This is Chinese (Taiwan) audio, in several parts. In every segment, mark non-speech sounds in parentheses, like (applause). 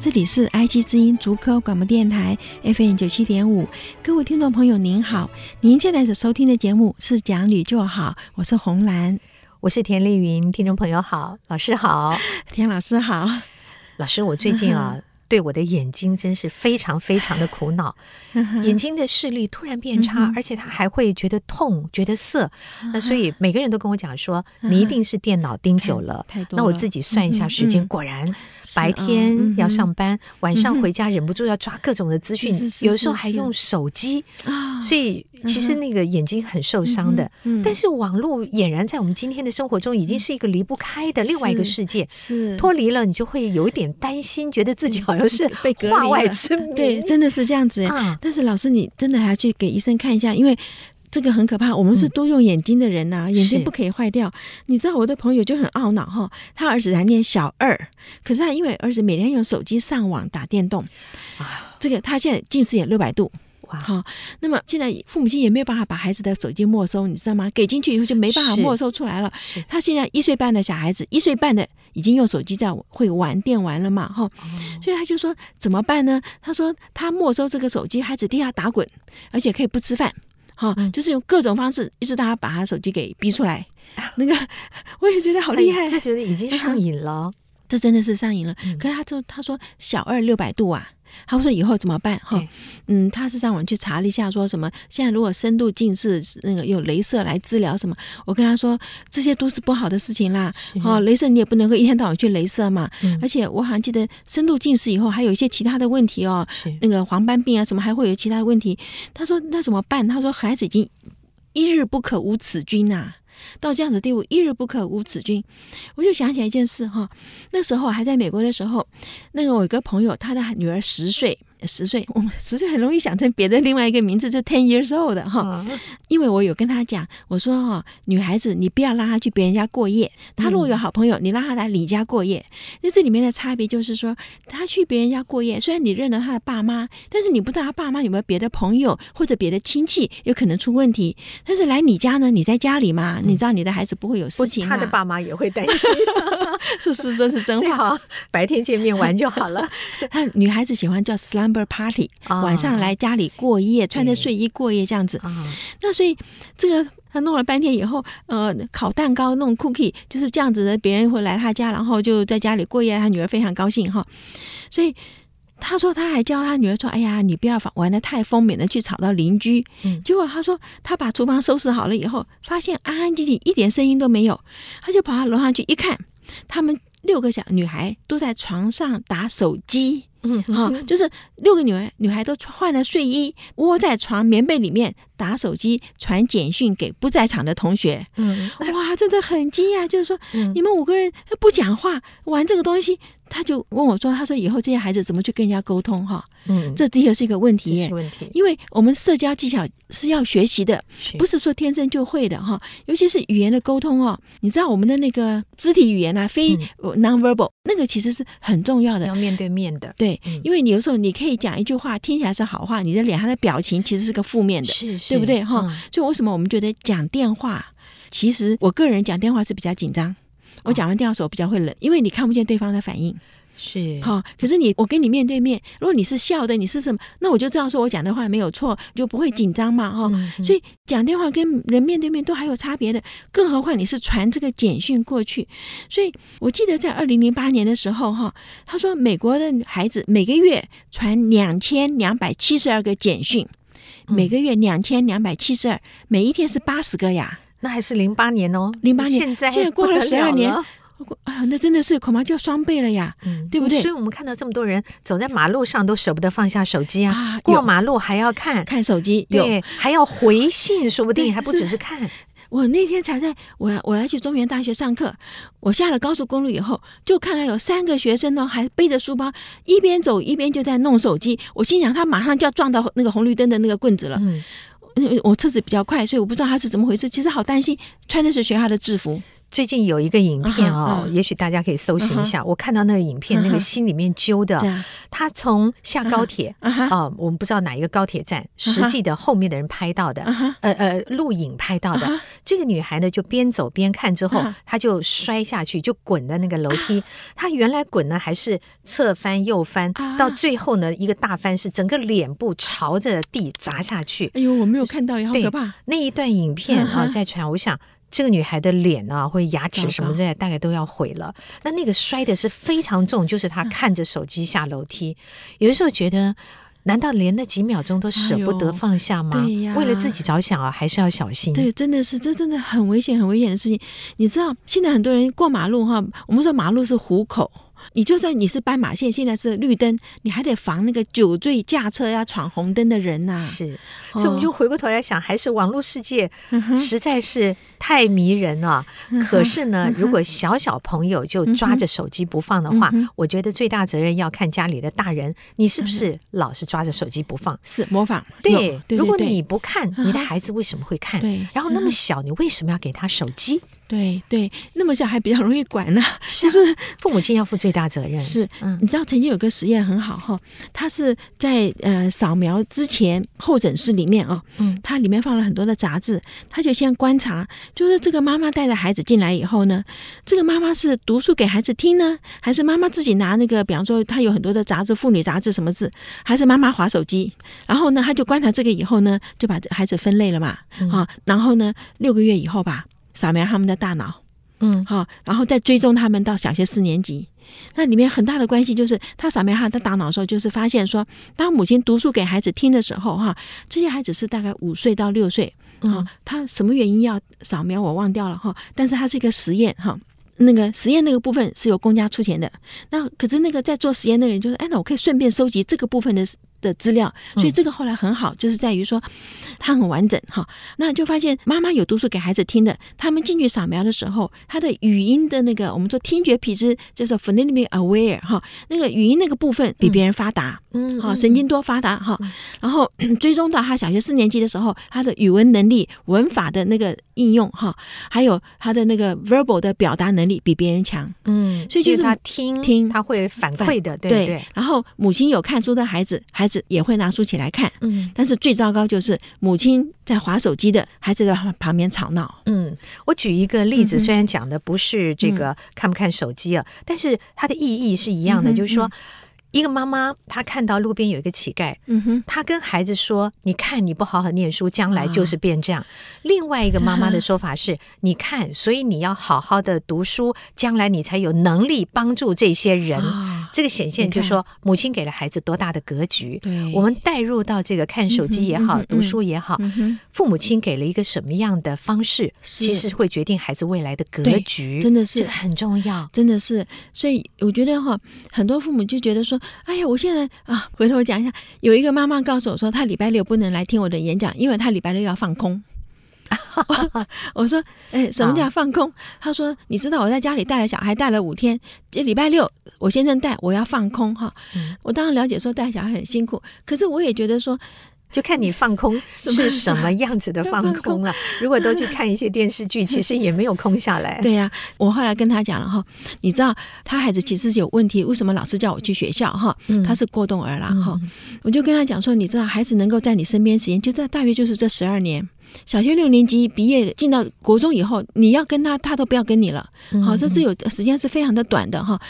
這裡是 IC 之音竹科廣播電台 FM 九七點五，各位聽眾朋友您好，您現在在收聽的節目是講理就好，我是紅蘭，我是田麗雲，聽眾朋友好，老師好，田老師好，老師我最近啊。嗯對我的眼睛真是非常非常的苦惱，眼睛的視力突然變差， (laughs) 嗯、哼而且他還會覺得痛、覺得澀。嗯、哼那所以每個人都跟我講說，嗯、哼你一定是電腦盯久了。太多了，那我自己算一下時間，嗯、哼果然白天要上班，啊嗯、晚上回家忍不住要抓各種的資訊，嗯、哼有的時候還用手機啊，是是是是所以。其實那個眼睛很受傷的，嗯嗯嗯、但是網絡儼然在我們今天的生活中已經是一個離不開的另外一個世界。是，是脫離了，你就會有一點擔心，覺得自己好像是被隔外之民。對，嗯、真的是這樣子。嗯、但是老師，你真的還要去給醫生看一下，因為這個很可怕。我們是多用眼睛的人吶、啊，嗯、眼睛不可以壞掉。是你知道我的朋友就很懊惱哈，他兒子還念小二，可是他因為兒子每天用手機上網打電動，啊，這個他現在近視眼六百度。好，那麼現在父母親也沒有辦法把孩子的手機沒收，你知道嗎？給進去以後就沒辦法沒收出來了。他現在一歲半的小孩子，一歲半的已經用手機在會玩電玩了嘛？哈、哦，哦、所以他就說怎麼辦呢？他說他沒收這個手機，孩子地下打滾，而且可以不吃飯，哈、哦，嗯、就是用各種方式一直大家把他手機給逼出來。嗯、那個我也覺得好厲害，他、哎、覺得已經上癮了、啊，這真的是上癮了。嗯、可是他就他說小二六百度啊。他說：“以後怎麼辦？哈、哦，對嗯，他是上網去查了一下，說什麼現在如果深度近視，那個有鐳射來治療什麼？我跟他說這些都是不好的事情啦。是哦，鐳射你也不能夠一天到晚去鐳射嘛。嗯、而且我好像記得深度近視以後還有一些其他的問題哦，是那個黃斑病啊，什麼還會有其他的問題。他說那怎麼辦？他說孩子已經一日不可無此君吶、啊。”到這樣子地步，一日不可無此君，我就想起來一件事哈。那時候還在美國的時候，那個我一個朋友，他的女兒十歲。十歲，我們十歲很容易想成別的另外一個名字，就 ten years old 的哈。Uh huh. 因為我有跟他講，我說哈、哦，女孩子你不要讓她去別人家過夜。她如果有好朋友，你讓她來你家過夜。那、嗯、這裡面的差別就是說，她去別人家過夜，雖然你認得她的爸媽，但是你不知道她爸媽有沒有別的朋友或者別的親戚，有可能出問題。但是來你家呢，你在家裡嘛，嗯、你知道你的孩子不會有事情、啊。他的爸媽也會擔心， (laughs) 是是，這是真話。最好白天見面玩就好了。 (laughs) 他女孩子喜歡叫 slang。Party 晚上來家裡過夜，啊、穿着睡衣過夜這樣子。啊、那所以這個他弄了半天以後，呃，烤蛋糕弄 cookie 就是這樣子的。別人會來他家，然後就在家裡過夜。他女兒非常高興哈。所以他說他還教他女兒說：“哎呀，你不要玩得太的太瘋，免得去吵到鄰居。嗯”結果他說他把廚房收拾好了以後，發現安安靜靜一點聲音都沒有，他就跑到樓上去一看，他們。六個小女孩都在床上打手機，嗯，好、嗯哦，就是六個女孩，女孩都換了睡衣，窩在床棉被裡面打手機，傳簡訊給不在場的同學，嗯嗯，哇，真的很驚訝，就是說，嗯、你們五個人不講話，玩這個東西。他就問我說：“他說以後這些孩子怎麼去跟人家溝通？哈，嗯，這的確是一個問題。也是問題，因為我們社交技巧是要學習的，是，不是說天生就會的。哈，尤其是語言的溝通哦，你知道我們的那個肢體語言啊，非 non verbal，嗯，那個其實是很重要的，要面對面的。對，嗯，因為你有時候你可以講一句話聽起來是好話，你的臉上的表情其實是個負面的，是，是，對不對？哈，嗯，所以為什麼我們覺得講電話？其實我個人講電話是比較緊張。”我講完電話的時候比較會冷，哦、因為你看不見對方的反應，是好、哦。可是你我跟你面對面，如果你是笑的，你是什麼？那我就這樣說，我講的話沒有錯，就不會緊張嘛，哈、哦。嗯、哼。所以講電話跟人面對面都還有差別的，更何況你是傳這個簡訊過去。所以我記得在二零零八年的時候，哈、哦，他說美國的孩子每個月傳兩千兩百七十二個簡訊，每個月兩千兩百七十二，每一天是八十個呀。那還是零八年哦，零八年，現在過了十二年，啊，那真的是恐怕就雙倍了呀，嗯、對不對、嗯？所以我們看到這麼多人走在馬路上都捨不得放下手機啊，啊過馬路還要看看手機，對，有還要回信，說不定對還不只是看是。我那天才在，我我要去中原大學上課，我下了高速公路以後，就看到有三個學生呢，還背着書包一邊走一邊就在弄手機，我心想他馬上就要撞到那個紅綠燈的那個棍子了。嗯我車子比較快，所以我不知道他是怎麼回事。其實好擔心，穿的是學校的制服。最近有一個影片哦，也許大家可以搜尋一下。我看到那個影片，那個心裡面揪的。他從下高鐵啊，我們不知道哪一個高鐵站，實際的後面的人拍到的，呃呃，錄影拍到的。這個女孩呢，就邊走邊看，之後她就摔下去，就滾在那個樓梯。她原來滾呢，還是側翻、右翻，到最後呢，一個大翻是整個臉部朝着地砸下去。哎呦，我沒有看到，也好可怕。那一段影片啊，在傳，我想。這個女孩的臉啊，或者牙齒什麼之類，糟糕，大概都要毀了。那那個摔的是非常重，就是她看着手機下樓梯。嗯、有的時候覺得，難道連那幾秒鐘都捨不得放下嗎？哎、對呀，為了自己着想啊，還是要小心。對，真的是這真的很危險，很危險的事情。你知道，現在很多人過馬路哈，我們說馬路是虎口。你就算你是斑馬線，現在是綠燈，你還得防那個酒醉駕車要闖紅燈的人吶。是，所以我們就回過頭來想，還是網絡世界實在是太迷人了。可是呢，如果小小朋友就抓着手機不放的話，我覺得最大責任要看家裡的大人，你是不是老是抓着手機不放？是模仿。對，如果你不看，你的孩子為什麼會看？然後那麼小，你為什麼要給他手機？對對，那麼小還比較容易管呢，就是父母親要負最大責任。是，嗯、你知道曾經有個實驗很好哈，他是在呃掃描之前候診室裡面哦，嗯，它裡面放了很多的雜誌，他就先觀察，就是這個媽媽帶着孩子進來以後呢，這個媽媽是讀書給孩子聽呢，還是媽媽自己拿那個，比方說他有很多的雜誌，婦女雜誌什麼字，還是媽媽滑手機，然後呢，他就觀察這個以後呢，就把這孩子分類了嘛，啊、哦，嗯、然後呢，六個月以後吧。掃描他們的大腦，嗯哈，然後再追蹤他們到小學四年級，那裡面很大的關係就是他掃描他的大腦的時候，就是發現說，當母親讀書給孩子聽的時候，哈，這些孩子是大概五歲到六歲，啊，他什麼原因要掃描我忘掉了哈，但是他是一個實驗哈，那個實驗那個部分是由公家出錢的，那可是那個在做實驗的人就說，哎，那我可以順便收集這個部分的。的資料，所以這個後來很好，嗯、就是在於說，他很完整哈。那就發現媽媽有讀書給孩子聽的，他們進去掃描的時候，他的語音的那個我們說聽覺皮質就是 phonemic aware 哈，那個語音那個部分比別人發達，嗯，好神經多發達哈。嗯嗯、然後追蹤到他小學四年級的時候，他的語文能力、文法的那個應用哈，還有他的那個 verbal 的表達能力比別人強，嗯，所以就是他聽聽他會反饋的，對對,對。然後母親有看書的孩子還。也會拿書起來看，嗯，但是最糟糕就是母親在滑手機的孩子在旁邊吵鬧，嗯，我舉一個例子，雖然講的不是這個看不看手機啊，嗯、哼但是它的意義是一樣的，嗯、哼就是說、嗯、哼一個媽媽她看到路邊有一個乞丐，嗯哼，她跟孩子說：“你看，你不好好念書，將來就是變這樣。哦”另外一個媽媽的說法是：“嗯、哼你看，所以你要好好的讀書，將來你才有能力幫助這些人。哦”這個顯現就是說，母親給了孩子多大的格局。看我們帶入到這個看手機也好，對讀書也好，嗯嗯、父母親給了一個什麼樣的方式，是其實會決定孩子未來的格局。真的是真的很重要，真的是。所以我覺得哈，很多父母就覺得說，哎呀，我現在啊，回頭我講一下，有一個媽媽告訴我說，她禮拜六不能來聽我的演講，因為她禮拜六要放空。 (laughs) 我說：“哎，什麼叫放空？”好他說：“你知道我在家裡帶了小孩， (laughs) 帶了五天。這禮拜六我先生帶，我要放空哈。哦、 (noise) 我當然了解說帶小孩很辛苦，可是我也覺得說，就看你放空是什麼樣子的放空了、啊。 (laughs) 嗯嗯、如果都去看一些電視劇， (laughs) 嗯、其實也沒有空下來。對呀、啊，我後來跟他講了哈、哦，你知道他孩子其實有問題，為什麼老師叫我去學校哈？哦嗯、他是過動兒了哈、嗯哦。我就跟他講說，你知道孩子能夠在你身邊時間，就在大約就是這十二年。”小學六年級畢業進到國中以後，你要跟他，他都不要跟你了。好，這這有時間是非常的短的哈。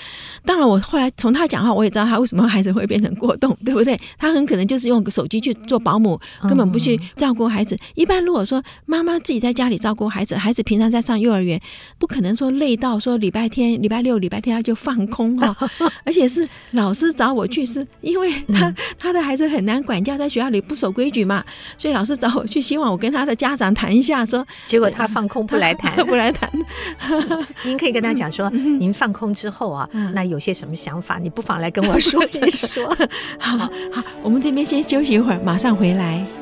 當然，我後來從他講話，我也知道他為什麼孩子會變成過動，對不對？他很可能就是用個手機去做保姆，根本不去照顧孩子。嗯、一般如果說媽媽自己在家裡照顧孩子，孩子平常在上幼兒園，不可能說累到說禮拜天、禮拜六、禮拜天他就放空哈， (laughs) 而且是老師找我去是，因為他、嗯、他的孩子很難管教，在學校裡不守規矩嘛，所以老師找我去，希望我跟他。家長談一下說，說結果他放空不來談、這個、不來談， (laughs) 您可以跟他講說，嗯、您放空之後啊，嗯、那有些什麼想法，嗯、你不妨來跟我說一說。好，好，我們這邊先休息一會兒，馬上回來。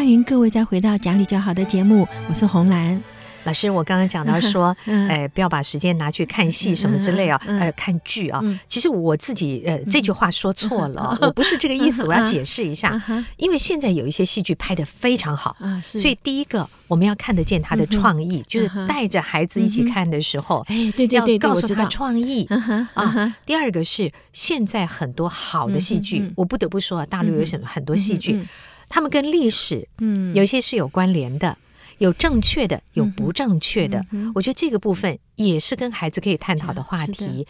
歡迎各位再回到《講理就好》的節目，我是紅蘭老師。我剛剛講到說，哎，不要把時間拿去看戲什麼之類哦，呃，看劇啊。其實我自己呃這句話說錯了，我不是這個意思，我要解釋一下。因為現在有一些戲劇拍得非常好。所以第一個我們要看得見他的創意，就是帶着孩子一起看的時候，哎，對對對，要告訴他創意啊。第二個是現在很多好的戲劇，我不得不說啊，大陸有什麼很多戲劇。他們跟歷史，嗯，有一些是有關聯的，嗯、有正確的，有不正確的。嗯嗯、我覺得這個部分也是跟孩子可以探討的話題。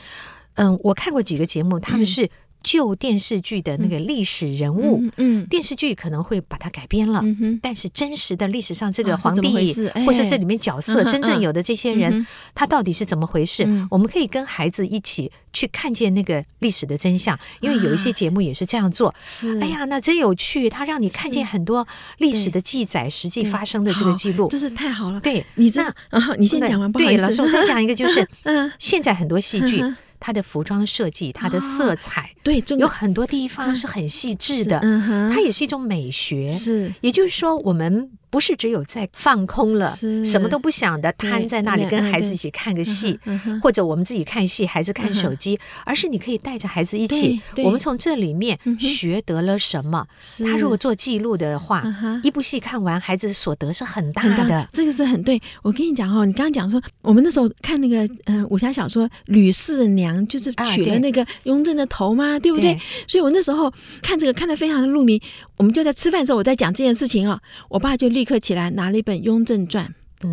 嗯，嗯，我看過幾個節目，他們是、嗯。舊電視劇的那個歷史人物，嗯，電視劇可能會把它改編了，但是真實的歷史上這個皇帝或者這裡面角色真正有的這些人，他到底是怎麼回事？我們可以跟孩子一起去看見那個歷史的真相，因為有一些節目也是這樣做。是，哎呀，那真有趣，他讓你看見很多歷史的記載，實際發生的這個記錄，真是太好了。對，你這樣，你先講完，不好意思，對，老師，我再講一個，就是，現在很多戲劇。它的服裝設計，它的色彩，哦、對，有很多地方是很細緻的。啊嗯哼、它也是一種美學。是，也就是說我們。不是只有在放空了，什麼都不想的癱在那裡跟孩子一起看個戲，或者我們自己看戲，孩子看手機，而是你可以帶着孩子一起。我們從這裡面學得了什麼？他如果做記錄的話，一部戲看完，孩子所得是很大的。這個是很對。我跟你講哈，你剛剛講說，我們那時候看那個嗯武俠小說《呂四娘》，就是取了那個雍正的頭嗎？對不對？所以我那時候看這個看得非常的入迷。我們就在吃飯的時候，我在講這件事情啊，我爸就立刻起來拿了一本《雍正傳》。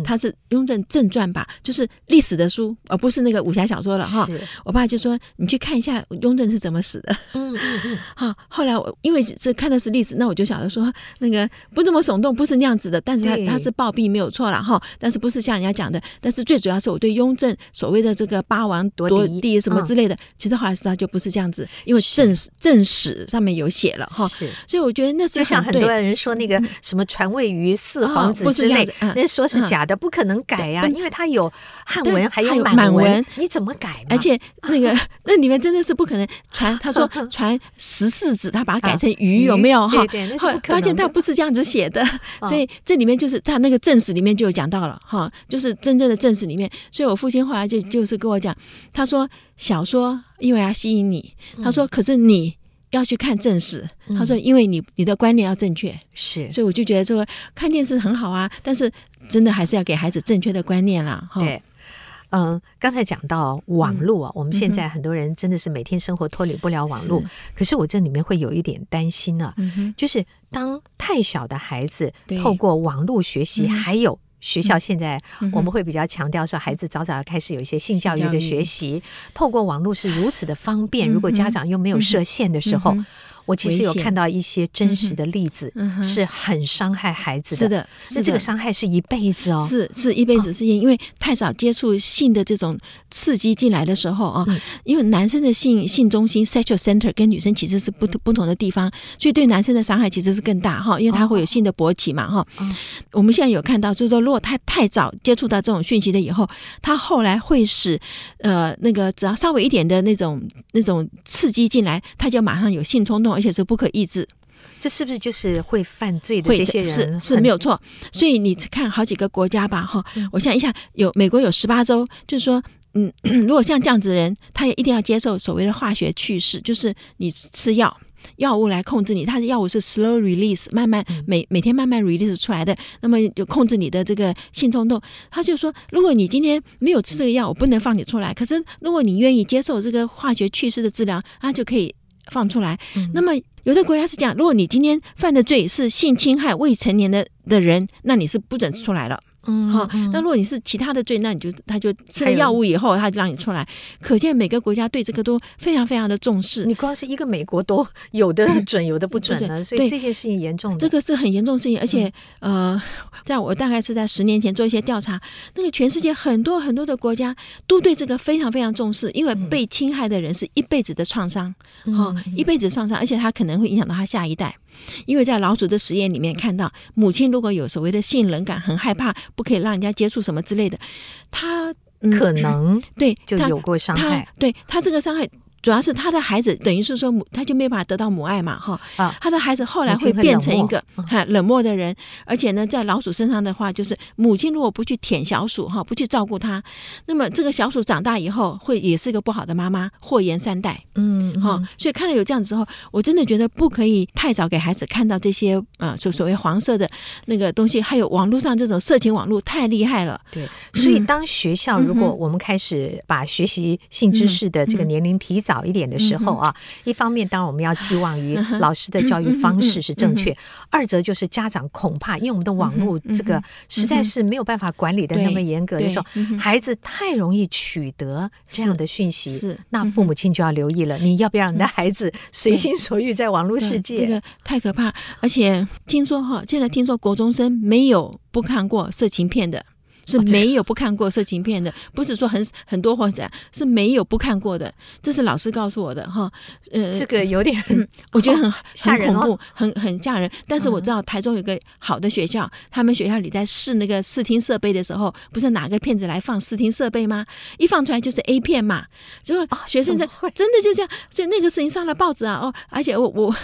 他是《雍正正傳》吧，就是歷史的書，而不是那個武俠小說了哈是。我爸就說：“你去看一下雍正是怎麼死的。嗯”好、嗯嗯，後來我因為這看的是歷史，那我就想着說，那個不這麼聳動，不是那樣子的。但是他對他是暴斃沒有錯了哈，但是不是像人家講的。但是最主要是，我對雍正所謂的這個八王奪嫡什麼之類的，嗯、其實後來知道就不是這樣子，因為正是正史上面有寫了哈。是所以我覺得那是，那就像很多人說那個什麼傳位於四皇子之類，那說、嗯嗯哦、是假。嗯嗯嗯嗯打的不可能改呀，因為他有漢文，還有滿文，你怎麼改？而且那個那裡面真的是不可能傳。他說傳十四子，他把它改成魚，有沒有哈？發現他不是這樣子寫的，所以這裡面就是他那個正史裡面就有講到了哈，就是真正的正史裡面。所以我父親後來就就是跟我講，他說小說因為他吸引你，他說可是你。要去看正史，他說：“因為你你的觀念要正確，是、嗯，所以我就覺得這個看電視很好啊，但是真的還是要給孩子正確的觀念啦。”對，嗯，剛才講到網絡、啊嗯、我們現在很多人真的是每天生活脫離不了網絡，是，可是我這裡面會有一點擔心啊，嗯、哼就是當太小的孩子透過網絡學習，還有。學校現在我們會比較強調說，孩子早早要開始有一些性教育的學習。透過網絡是如此的方便，如果家長又沒有設限的時候。嗯我其實有看到一些真實的例子，嗯、哼，是很傷害孩子的。是的，是的，那這個傷害是一輩子哦，是是一輩子，是、哦、因為太早接觸性的這種刺激進來的時候啊，嗯、因為男生的性、嗯、性中心 （sexual center） 跟女生其實是不不同的地方，所以對男生的傷害其實是更大哈，因為他會有性的勃起嘛哈。哦嗯、我們現在有看到，就是說如果他太早接觸到這種訊息的以後，他後來會使呃那個只要稍微一點的那種那種刺激進來，他就馬上有性衝動。而且是不可抑制，這是不是就是會犯罪的這些人？會是，是沒有錯。嗯、所以你看好幾個國家吧，哈。我想一下，有美國有十八州，就是說，嗯，如果像這樣子的人，他也一定要接受所謂的化學去勢，就是你吃藥，藥物來控制你。他的藥物是 slow release，慢慢每每天慢慢 release 出來的，那麼就控制你的這個性衝動、動。他就說，如果你今天沒有吃這個藥，我不能放你出來。可是，如果你願意接受這個化學去勢的治療，他就可以。放出來，那麼有的國家是講，如果你今天犯的罪是性侵害未成年的的人，那你是不准出來了。嗯好、哦。那如果你是其他的罪，那你就他就吃了藥物以後，他就讓你出來。哎呃、可見每個國家對這個都非常非常的重視。你光是一個美國都有的準，有的不准了，嗯、對對所以這件事情嚴重的。這個是很嚴重的事情，而且、嗯、呃，在我大概是在十年前做一些調查，嗯、那個全世界很多很多的國家都對這個非常非常重視，因為被侵害的人是一輩子的創傷，嗯。哦、嗯一輩子創傷，而且他可能會影響到他下一代。因為在老鼠的實驗裡面看到，母親如果有所謂的信任感，很害怕，不可以讓人家接觸什麼之類的，他可能對就有過傷害，她她對他這個傷害。主要是他的孩子等於是說母，他就沒辦法得到母愛嘛，哈、哦，他的孩子後來會變成一個哈冷，冷漠的人，而且呢，在老鼠身上的話，就是母親如果不去舔小鼠哈，不去照顧它，那麼這個小鼠長大以後會也是一個不好的媽媽，禍延三代，嗯，嗯，哈、哦，所以看了有這樣子之後，我真的覺得不可以太早給孩子看到這些啊，所、呃、所謂黃色的那個東西，還有網絡上這種色情網絡太厲害了，對，所以當學校如果我們開始把學習性知識的這個年齡提早一點的時候啊，一方面當我們要寄望於老師的教育方式是正確，嗯嗯嗯嗯、二則就是家長恐怕因為我們的網絡這個實在是沒有辦法管理的那麼嚴格的時候，嗯嗯嗯、孩子太容易取得這樣的訊息，是是嗯、那父母親就要留意了。你要不要讓你的孩子隨心所欲在網絡世界？這個太可怕，而且聽說哈，現在聽說國中生沒有不看過色情片的。是沒有不看過色情片的，哦、不是說很很多或者是沒有不看過的，這是老師告訴我的哈。呃，這個有點，我覺得很、哦、嚇人、哦很恐怖，很很嚇人。但是我知道台中有個好的學校，嗯、他們學校裡在試那個視聽設備的時候，不是拿個片子來放視聽設備嗎？一放出來就是 A 片嘛，就學生在、哦、真的就這樣，所以那個事情上了報紙啊。哦，而且我我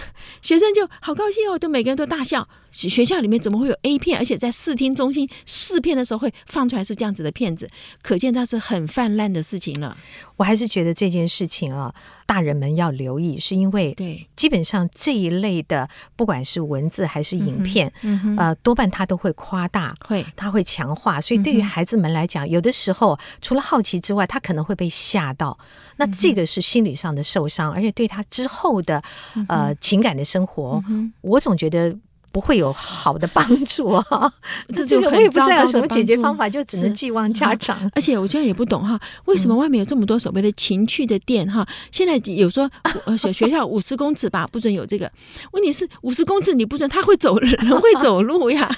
學生就好高興哦，都每個人都大笑。學校裡面怎麼會有 A 片？而且在視聽中心試片的時候會放出來是這樣子的片子，可見它是很泛濫的事情了。我還是覺得這件事情啊，大人們要留意，是因為對基本上這一類的，對不管是文字還是影片，嗯哼嗯、哼呃，多半他都會誇大，會他會強化，所以對於孩子們來講，嗯、哼有的時候除了好奇之外，他可能會被嚇到，那這個是心理上的受傷，嗯、哼而且對他之後的呃、嗯、哼情感的生活，嗯、哼我總覺得。不會有好的幫助啊！這個我也不知道有什麼解決方法，就只能寄望家長。而且我現在也不懂哈，為什麼外面有這麼多所謂的情趣的店哈？現在有說學學校五十公尺吧，不准有這個。問題是五十公尺你不准，他會走，人會走路呀，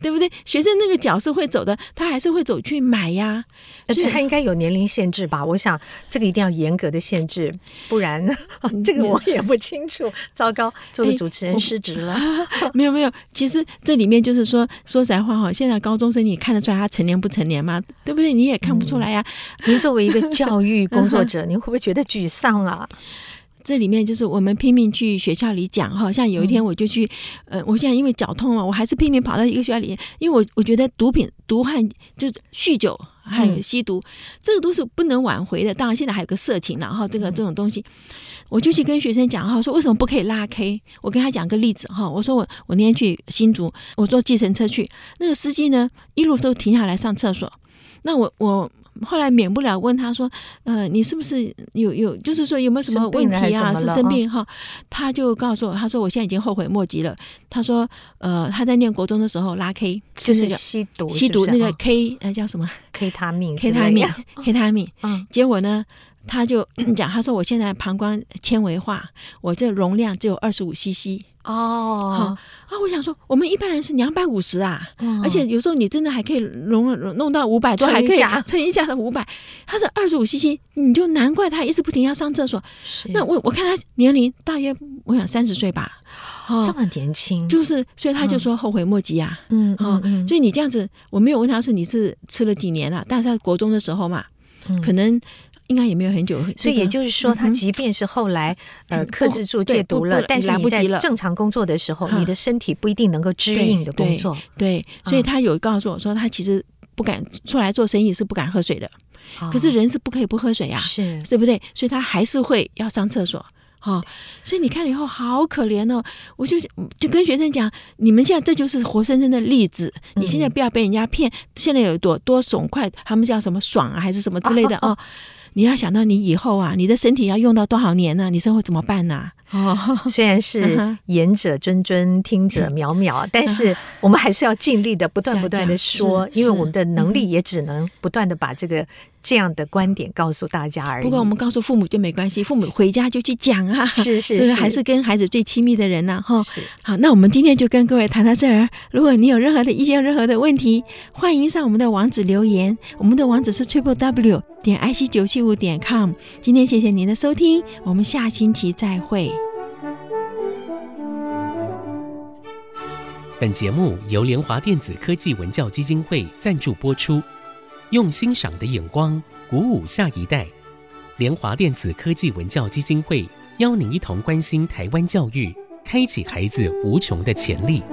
對不對？學生那個腳是會走的，他還是會走去買呀，所以他應該有年齡限制吧？我想這個一定要嚴格的限制，不然這個我也不清楚。糟糕，作為主持人失職了。沒有 (laughs) 沒有，其實這裡面就是說，說實話哈，現在高中生你看得出來他成年不成年嗎？對不對？你也看不出來呀，啊嗯。您作為一個教育工作者，您、 (laughs) 嗯、哼會不會覺得沮喪啊？這裡面就是我們拼命去學校裡講哈，像有一天我就去，嗯、呃，我現在因為腳痛啊，我還是拼命跑到一個學校裡面，因為我我覺得毒品、毒害就是酗酒。還有吸毒，嗯、這個都是不能挽迴的。當然，現在還有個色情，然後這個這種東西，我就去跟學生講哈，說為什麼不可以拉 K？我跟他講個例子哈，我說我我那天去新竹，我坐計程車去，那個司機呢一路都停下來上廁所，那我我。後來免不了問他說：“呃，你是不是有有，就是說有沒有什麼問題啊？是生病哈？”哦、他就告訴我，他說：“我現在已經後悔莫及了。”他說：“呃，他在念國中的時候拉 K，就是吸毒，吸毒那個 K，那叫什麼？K 他命，K 他命，K 他命。嗯、哦，結果呢？”他就咳咳講，他說：“我現在膀胱纖維化，我這容量只有二十五 CC 哦，oh. 啊！我想說，我們一般人是兩百五十啊，oh. 而且有時候你真的還可以弄，弄到五百，多，還可以啊，撐一下的五百。他說二十五 CC，你就難怪他一直不停要上廁所。是那我我看他年齡大約，我想三十歲吧，啊、這麼年輕，就是所以他就說後悔莫及啊。嗯，嗯、啊、所以你這樣子，我沒有問他是你是吃了幾年了，但是他國中的時候嘛，嗯、可能。”應該也沒有很久，所以也就是說，他即便是後來、嗯、哼呃克制住戒毒了，但是你在正常工作的時候，啊、你的身體不一定能夠適應你的工作，對對。對，所以他有告訴我說，他其實不敢出來做生意，是不敢喝水的。哦、可是人是不可以不喝水呀、啊，是，對不對？所以他還是會要上廁所。好、哦，對所以你看了以後好可憐哦。我就就跟學生講，你們現在這就是活生生的例子。嗯、你現在不要被人家騙，現在有多多爽快，他們叫什麼爽啊，還是什麼之類的啊？哦哦哦你要想到你以後啊，你的身體要用到多少年呢、啊？你生活怎麼辦呢、啊？哦，雖然是言者諄諄， (laughs) 聽者渺渺，嗯、但是我們還是要盡力的，不斷不斷的說，講講，因為我們的能力也只能不斷的把這個。這樣的觀點告訴大家而已。不過我們告訴父母就沒關係， (laughs) 父母回家就去講啊。是是是，就是還是跟孩子最親密的人呢、啊？哈。是是 好，那我們今天就跟各位談到這兒。如果你有任何的意見、任何的問題，歡迎上我們的網址留言。我們的網址是 Triple W 點 IC 九七五點 com。今天謝謝您的收聽，我們下星期再會。本節目由聯華電子科技文教基金會贊助播出。用欣賞的眼光鼓舞下一代，聯華電子科技文教基金會邀您一同關心台灣教育，開啟孩子無窮的潛力。